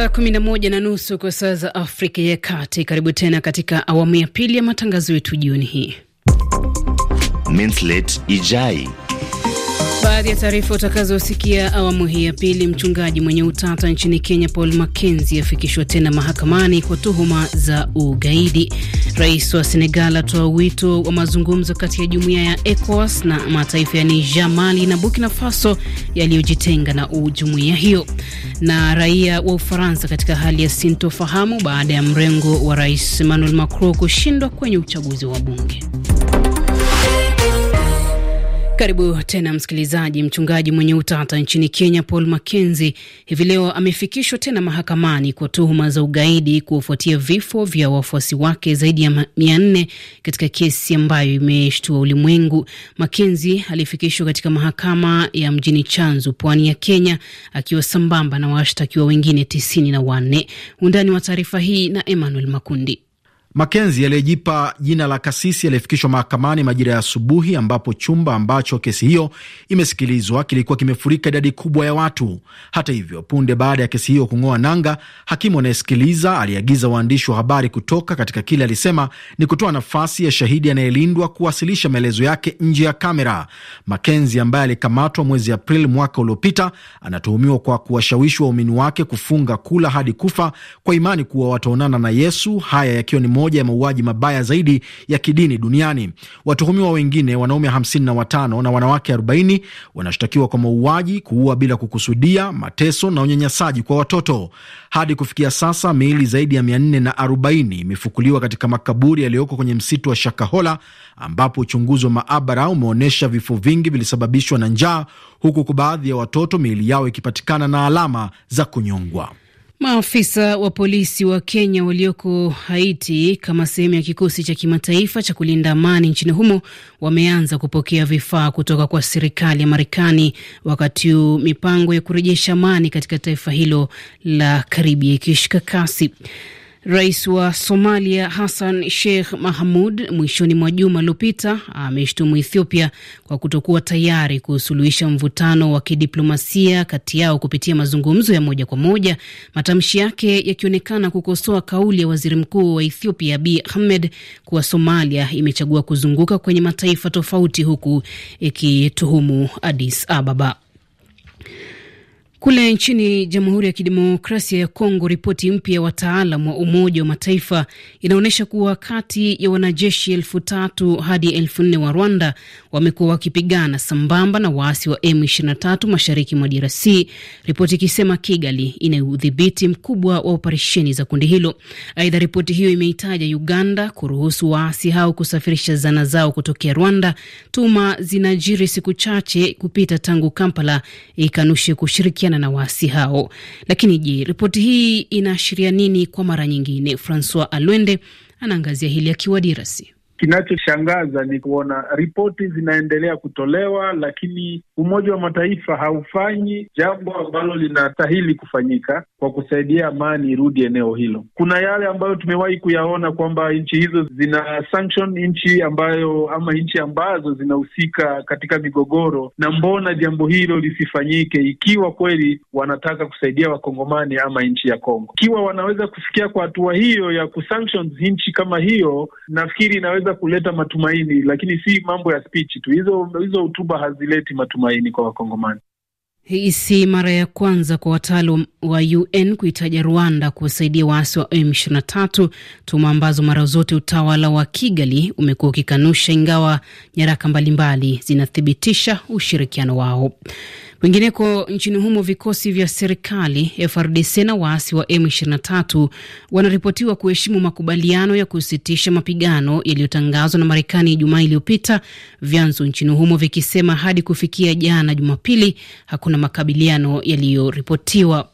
Saa kumi na moja na nusu kwa saa za Afrika ya Kati. Karibu tena katika awamu ya pili ya matangazo yetu jioni hii. Minslet Ijai. Baadhi ya taarifa utakazosikia awamu hii ya pili: mchungaji mwenye utata nchini Kenya Paul Mackenzie afikishwa tena mahakamani kwa tuhuma za ugaidi. Rais wa Senegal atoa wito wa mazungumzo kati ya jumuiya ya ECOWAS na mataifa ya Niger, Mali na Burkina Faso yaliyojitenga na jumuiya hiyo. Na raia wa Ufaransa katika hali ya sintofahamu baada ya mrengo wa Rais Emmanuel Macron kushindwa kwenye uchaguzi wa bunge. Karibu tena msikilizaji. Mchungaji mwenye utata nchini Kenya Paul makenzi hivi leo amefikishwa tena mahakamani kwa tuhuma za ugaidi kufuatia vifo vya wafuasi wake zaidi ya mia nne katika kesi ambayo imeshtua ulimwengu. makenzi alifikishwa katika mahakama ya mjini Chanzu, pwani ya Kenya, akiwa sambamba na washtakiwa wengine tisini na wanne. Undani wa taarifa hii na Emmanuel Makundi. Makenzi aliyejipa jina la kasisi aliyefikishwa mahakamani majira ya asubuhi, ambapo chumba ambacho kesi hiyo imesikilizwa kilikuwa kimefurika idadi kubwa ya watu. Hata hivyo, punde baada ya kesi hiyo kung'oa nanga, hakimu anayesikiliza aliagiza waandishi wa habari kutoka katika kile alisema ni kutoa nafasi ya shahidi anayelindwa kuwasilisha maelezo yake nje ya kamera. Makenzi ambaye alikamatwa mwezi Aprili mwaka uliopita anatuhumiwa kwa kuwashawishi waumini wake kufunga kula hadi kufa kwa imani kuwa wataonana na Yesu, haya yakiwa ni moja ya mauaji mabaya zaidi ya kidini duniani. Watuhumiwa wengine wanaume 55 na wanawake 40 wanashtakiwa kwa mauaji, kuua bila kukusudia, mateso na unyanyasaji kwa watoto. Hadi kufikia sasa miili zaidi ya 440 imefukuliwa katika makaburi yaliyoko kwenye msitu wa Shakahola ambapo uchunguzi wa maabara umeonyesha vifo vingi vilisababishwa na njaa, huku kwa baadhi ya watoto miili yao ikipatikana na alama za kunyongwa. Maafisa wa polisi wa Kenya walioko Haiti kama sehemu ya kikosi cha kimataifa cha kulinda amani nchini humo wameanza kupokea vifaa kutoka kwa serikali ya Marekani, wakati huu mipango ya kurejesha amani katika taifa hilo la Karibia ikishika kasi. Rais wa Somalia Hassan Sheikh Mahamud mwishoni mwa juma lililopita ameshtumu Ethiopia kwa kutokuwa tayari kusuluhisha mvutano wa kidiplomasia kati yao kupitia mazungumzo ya moja kwa moja, matamshi yake yakionekana kukosoa kauli ya waziri mkuu wa Ethiopia Abiy Ahmed kuwa Somalia imechagua kuzunguka kwenye mataifa tofauti, huku ikituhumu Addis Ababa. Kule nchini Jamhuri ya Kidemokrasia ya Kongo, ripoti mpya ya wataalam wa Umoja wa Mataifa inaonyesha kuwa kati ya wanajeshi elfu tatu hadi elfu nne wa Rwanda wamekuwa wakipigana sambamba na waasi wa M23 mashariki mwa DRC, ripoti ikisema Kigali ina udhibiti mkubwa wa operesheni za kundi hilo. Aidha, ripoti hiyo imeitaja Uganda kuruhusu waasi hao kusafirisha zana zao kutokea Rwanda, tuma zinajiri siku chache kupita tangu Kampala ikanushe kushirikiana kukabiliana na waasi hao. Lakini je, ripoti hii inaashiria nini kwa mara nyingine? Francois Alwende anaangazia hili akiwa Dirasi. Kinachoshangaza ni kuona ripoti zinaendelea kutolewa, lakini Umoja wa Mataifa haufanyi jambo ambalo linastahili kufanyika kwa kusaidia amani irudi eneo hilo. Kuna yale ambayo tumewahi kuyaona kwamba nchi hizo zina sanction nchi ambayo ama nchi ambazo zinahusika katika migogoro, na mbona jambo hilo lisifanyike ikiwa kweli wanataka kusaidia Wakongomani ama nchi ya Kongo? Ikiwa wanaweza kufikia kwa hatua hiyo ya ku nchi kama hiyo, nafikiri inaweza inaweza kuleta matumaini, lakini si mambo ya spichi tu. Hizo hizo hotuba hazileti matumaini kwa Wakongomani. Hii si mara ya kwanza kwa wataalam wa UN kuitaja Rwanda kuwasaidia waasi wa M23, tuma ambazo mara zote utawala wa Kigali umekuwa ukikanusha, ingawa nyaraka mbalimbali zinathibitisha ushirikiano wao. Kwingineko nchini humo vikosi vya serikali FRDC na waasi wa M23 wanaripotiwa kuheshimu makubaliano ya kusitisha mapigano yaliyotangazwa na Marekani Ijumaa iliyopita, vyanzo nchini humo vikisema hadi kufikia jana Jumapili hakuna makabiliano yaliyoripotiwa.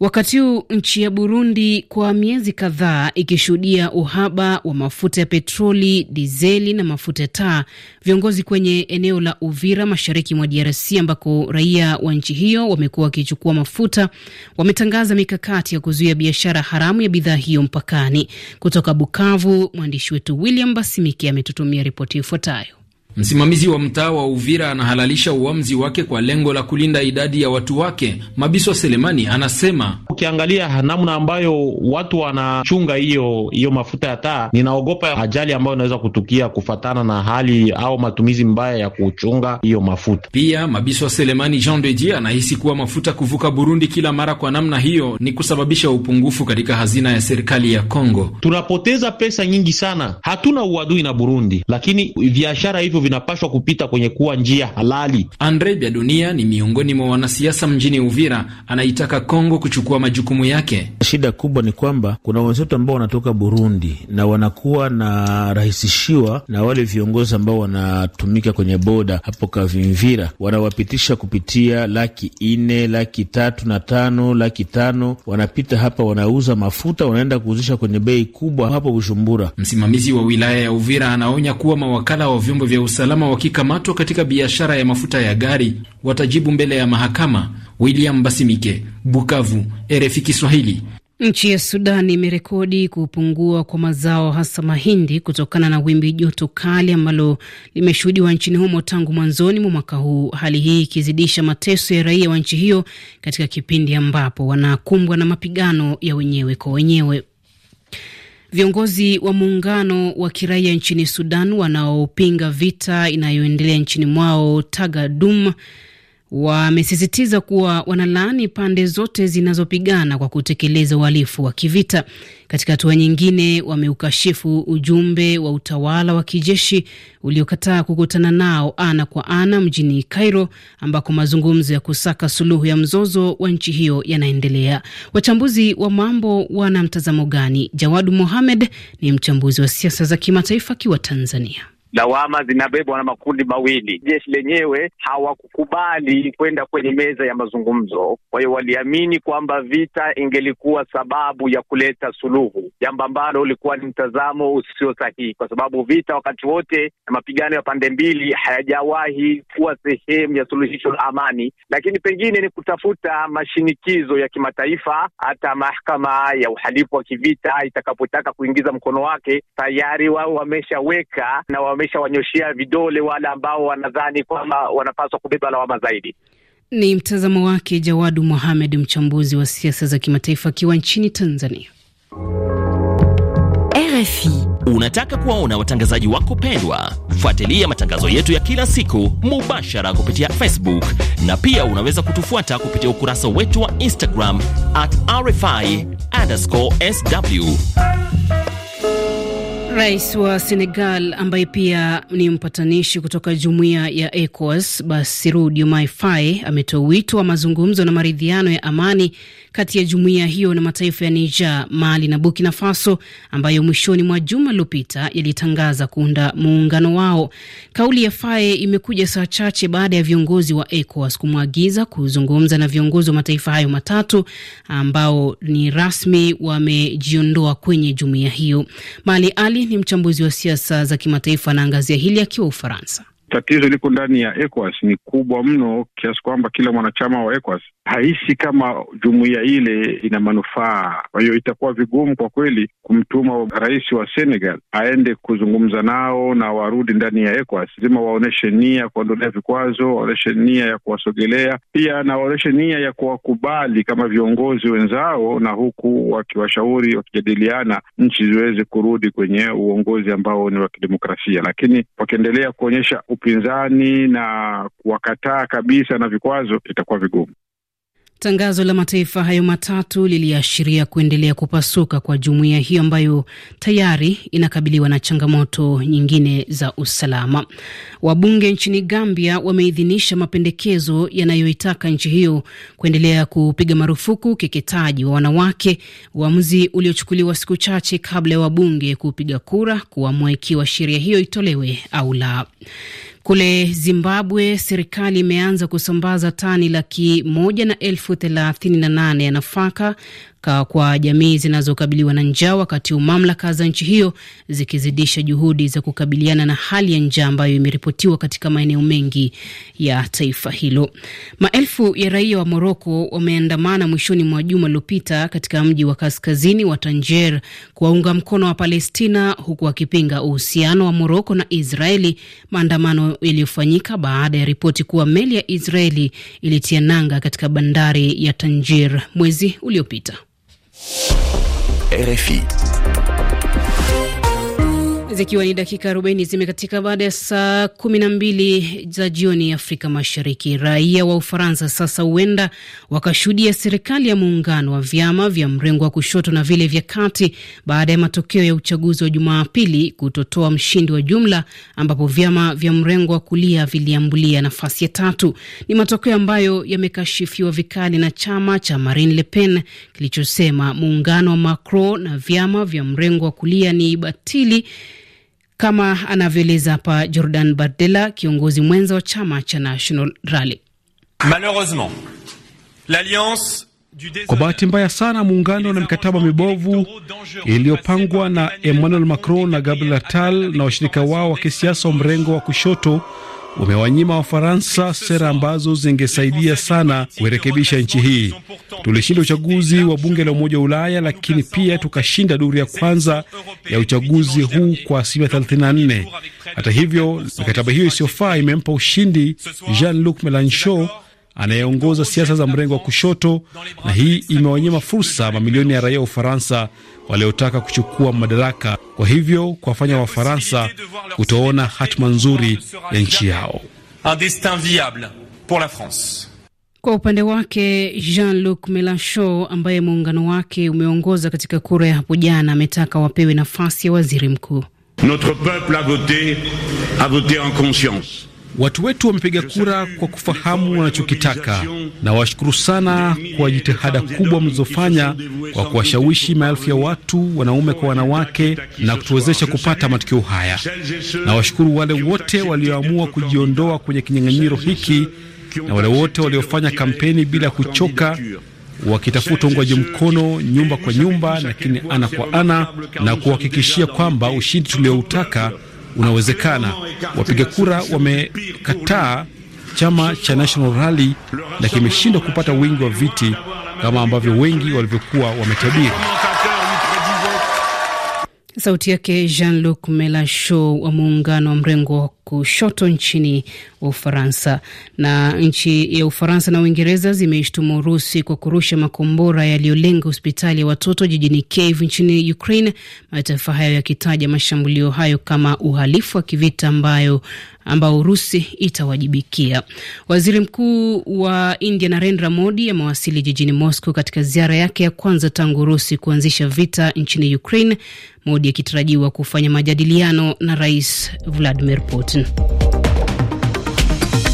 Wakati huu nchi ya Burundi kwa miezi kadhaa ikishuhudia uhaba wa mafuta ya petroli, dizeli na mafuta ya taa, viongozi kwenye eneo la Uvira mashariki mwa DRC ambako raia wa nchi hiyo wamekuwa wakichukua mafuta wametangaza mikakati ya kuzuia biashara haramu ya bidhaa hiyo mpakani. Kutoka Bukavu, mwandishi wetu William Basimiki ametutumia ripoti ifuatayo. Msimamizi wa mtaa wa Uvira anahalalisha uamuzi wake kwa lengo la kulinda idadi ya watu wake. Mabiswa Selemani anasema, ukiangalia namna ambayo watu wanachunga hiyo hiyo mafuta ya taa, ninaogopa ajali ambayo inaweza kutukia kufatana na hali au matumizi mbaya ya kuchunga hiyo mafuta. Pia Mabiswa Selemani Jean de Dieu anahisi kuwa mafuta kuvuka Burundi kila mara kwa namna hiyo ni kusababisha upungufu katika hazina ya serikali ya Kongo. Tunapoteza pesa nyingi sana. Hatuna uadui na Burundi, lakini biashara hivyo vinapashwa kupita kwenye kuwa njia halali. Andre Dunia ni miongoni mwa wanasiasa mjini Uvira, anaitaka Kongo kuchukua majukumu yake. Shida kubwa ni kwamba kuna wenzetu ambao wanatoka Burundi na wanakuwa na rahisishiwa na wale viongozi ambao wanatumika kwenye boda hapo Kavimvira, wanawapitisha kupitia laki ine, laki tatu na tano, laki tano, wanapita hapa, wanauza mafuta, wanaenda kuuzisha kwenye bei kubwa hapo Bujumbura. Msimamizi wa wilaya ya Uvira anaonya kuwa mawakala wa vyombo vya usalama wakikamatwa katika biashara ya mafuta ya gari watajibu mbele ya mahakama. William Basimike, Bukavu, RFI Kiswahili. Nchi ya Sudani imerekodi kupungua kwa mazao hasa mahindi kutokana na wimbi joto kali ambalo limeshuhudiwa nchini humo tangu mwanzoni mwa mwaka huu, hali hii ikizidisha mateso ya raia wa nchi hiyo katika kipindi ambapo wanakumbwa na mapigano ya wenyewe kwa wenyewe. Viongozi wa muungano wa kiraia nchini Sudan wanaopinga vita inayoendelea nchini mwao Tagadum wamesisitiza kuwa wanalaani pande zote zinazopigana kwa kutekeleza uhalifu wa kivita. Katika hatua nyingine, wameukashifu ujumbe wa utawala wa kijeshi uliokataa kukutana nao ana kwa ana mjini Cairo, ambako mazungumzo ya kusaka suluhu ya mzozo wa nchi hiyo yanaendelea. Wachambuzi wa mambo wana mtazamo gani? Jawadu Mohamed ni mchambuzi wa siasa za kimataifa akiwa Tanzania lawama zinabebwa na makundi mawili. Jeshi lenyewe hawakukubali kwenda kwenye meza ya mazungumzo, kwa hiyo waliamini kwamba vita ingelikuwa sababu ya kuleta suluhu, jambo ambalo ulikuwa ni mtazamo usio sahihi, kwa sababu vita wakati wote na mapigano ya pande mbili hayajawahi kuwa sehemu ya suluhisho la amani, lakini pengine ni kutafuta mashinikizo ya kimataifa. Hata mahakama ya uhalifu wa kivita itakapotaka kuingiza mkono wake, tayari wao wameshaweka na wa wameshawanyoshea vidole wale ambao wanadhani kwamba wanapaswa kubeba lawama zaidi. Ni mtazamo wake Jawadu Mohamed, mchambuzi wa siasa za kimataifa akiwa nchini Tanzania. RFI. Unataka kuwaona watangazaji wako pendwa? Fuatilia matangazo yetu ya kila siku mubashara kupitia Facebook na pia unaweza kutufuata kupitia ukurasa wetu wa Instagram at RFI RFI_SW. Rais wa Senegal ambaye pia ni mpatanishi kutoka jumuiya ya ECOWAS Bassirou Diomaye Faye ametoa wito wa mazungumzo na maridhiano ya amani kati ya jumuiya hiyo na mataifa ya Niger, Mali na Burkina Faso ambayo mwishoni mwa juma lililopita yalitangaza kuunda muungano wao. Kauli ya Faye imekuja saa chache baada ya viongozi wa ECOWAS kumwagiza kuzungumza na viongozi wa mataifa hayo matatu ambao ni rasmi wamejiondoa kwenye jumuiya hiyo. Mali Ali ni mchambuzi wa siasa za kimataifa, anaangazia hili akiwa Ufaransa tatizo liko ndani ya ECOWAS ni kubwa mno kiasi kwamba kila mwanachama wa ECOWAS haisi kama jumuiya ile ina manufaa. Kwa hiyo itakuwa vigumu kwa kweli kumtuma rais wa Senegal aende kuzungumza nao na warudi ndani ya ECOWAS. Lazima waonyeshe nia ya kuondolea vikwazo, waonyeshe nia ya kuwasogelea, pia na waonyeshe nia ya kuwakubali kama viongozi wenzao, na huku wakiwashauri, wakijadiliana, nchi ziweze kurudi kwenye uongozi ambao ni wa kidemokrasia, lakini wakiendelea kuonyesha upinzani na kuwakataa kabisa na vikwazo itakuwa vigumu. Tangazo la mataifa hayo matatu liliashiria kuendelea kupasuka kwa jumuiya hiyo ambayo tayari inakabiliwa na changamoto nyingine za usalama. Wabunge nchini Gambia wameidhinisha mapendekezo yanayoitaka nchi hiyo kuendelea kupiga marufuku ukeketaji wa wanawake, uamuzi uliochukuliwa siku chache kabla ya wabunge kupiga kura kuamua ikiwa sheria hiyo itolewe au la. Kule Zimbabwe, serikali imeanza kusambaza tani laki moja na elfu thelathini na nane ya nafaka kwa jamii zinazokabiliwa na njaa, wakati huu mamlaka za nchi hiyo zikizidisha juhudi za kukabiliana na hali ya njaa ambayo imeripotiwa katika maeneo mengi ya taifa hilo. Maelfu ya raia wa Moroko wameandamana mwishoni mwa juma uliopita katika mji wa kaskazini wa Tanger kuwaunga mkono wa Palestina, huku wakipinga uhusiano wa Moroko na Israeli, maandamano yaliyofanyika baada ya ripoti kuwa meli ya Israeli ilitia nanga katika bandari ya Tanger mwezi uliopita. RFI. zikiwa ni dakika 40 zimekatika baada ya saa 12 za jioni Afrika Mashariki. Raia wa Ufaransa sasa huenda wakashuhudia serikali ya muungano wa vyama vya mrengo wa kushoto na vile vya kati baada ya matokeo ya uchaguzi wa Jumapili kutotoa mshindi wa jumla, ambapo vyama vya mrengo wa kulia viliambulia nafasi ya tatu. Ni matokeo ambayo yamekashifiwa vikali na chama cha Marine Le Pen kilichosema muungano wa Macron na vyama vya mrengo wa kulia ni batili kama anavyoeleza hapa Jordan Bardella, kiongozi mwenza wa chama cha National Rally. Kwa bahati mbaya sana, muungano na mikataba mibovu iliyopangwa na Emmanuel Macron na Gabriel Attal na washirika wao wa kisiasa wa mrengo wa kushoto umewanyima Wafaransa sera ambazo zingesaidia sana kuirekebisha nchi hii. Tulishinda uchaguzi wa bunge la Umoja wa Ulaya, lakini pia tukashinda duru ya kwanza ya uchaguzi huu kwa asilimia 34. Hata hivyo, mikataba hiyo isiyofaa imempa ushindi Jean-Luc Melenchon anayeongoza siasa za mrengo wa kushoto, na hii imewanyima fursa mamilioni ya raia wa Ufaransa waliotaka kuchukua madaraka, kwa hivyo kuwafanya Wafaransa kutoona hatima nzuri ya nchi yao. Un destin viable pour la France. Kwa upande wake Jean-Luc Melenchon ambaye muungano wake umeongoza katika kura ya hapo jana ametaka wapewe nafasi ya waziri mkuu. Notre peuple a vote, a vote en conscience. Watu wetu wamepiga kura kwa kufahamu wanachokitaka. Nawashukuru sana kwa jitihada kubwa mlizofanya kwa kuwashawishi maelfu ya watu, wanaume kwa wanawake, na kutuwezesha kupata matukio haya. Nawashukuru wale wote walioamua kujiondoa kwenye kinyang'anyiro hiki na wale wote waliofanya kampeni bila kuchoka wakitafuta uungwaji mkono nyumba kwa nyumba, lakini ana kwa ana, na kuhakikishia kwamba ushindi tulioutaka unawezekana. Wapiga kura wamekataa chama cha National Rally na kimeshindwa kupata wingi wa viti kama ambavyo wengi walivyokuwa wametabiri. Sauti yake Jean-Luc Melenchon wa muungano wa mrengo wa kushoto nchini Ufaransa. Na nchi ya Ufaransa na Uingereza zimeshtuma Urusi kwa kurusha makombora yaliyolenga hospitali ya watoto jijini Kiev nchini Ukraine, mataifa hayo yakitaja mashambulio hayo kama uhalifu wa kivita ambayo ambao Urusi itawajibikia. Waziri Mkuu wa India Narendra Modi amewasili jijini Moscow katika ziara yake ya kwanza tangu Urusi kuanzisha vita nchini Ukraine, Modi akitarajiwa kufanya majadiliano na Rais Vladimir Putin.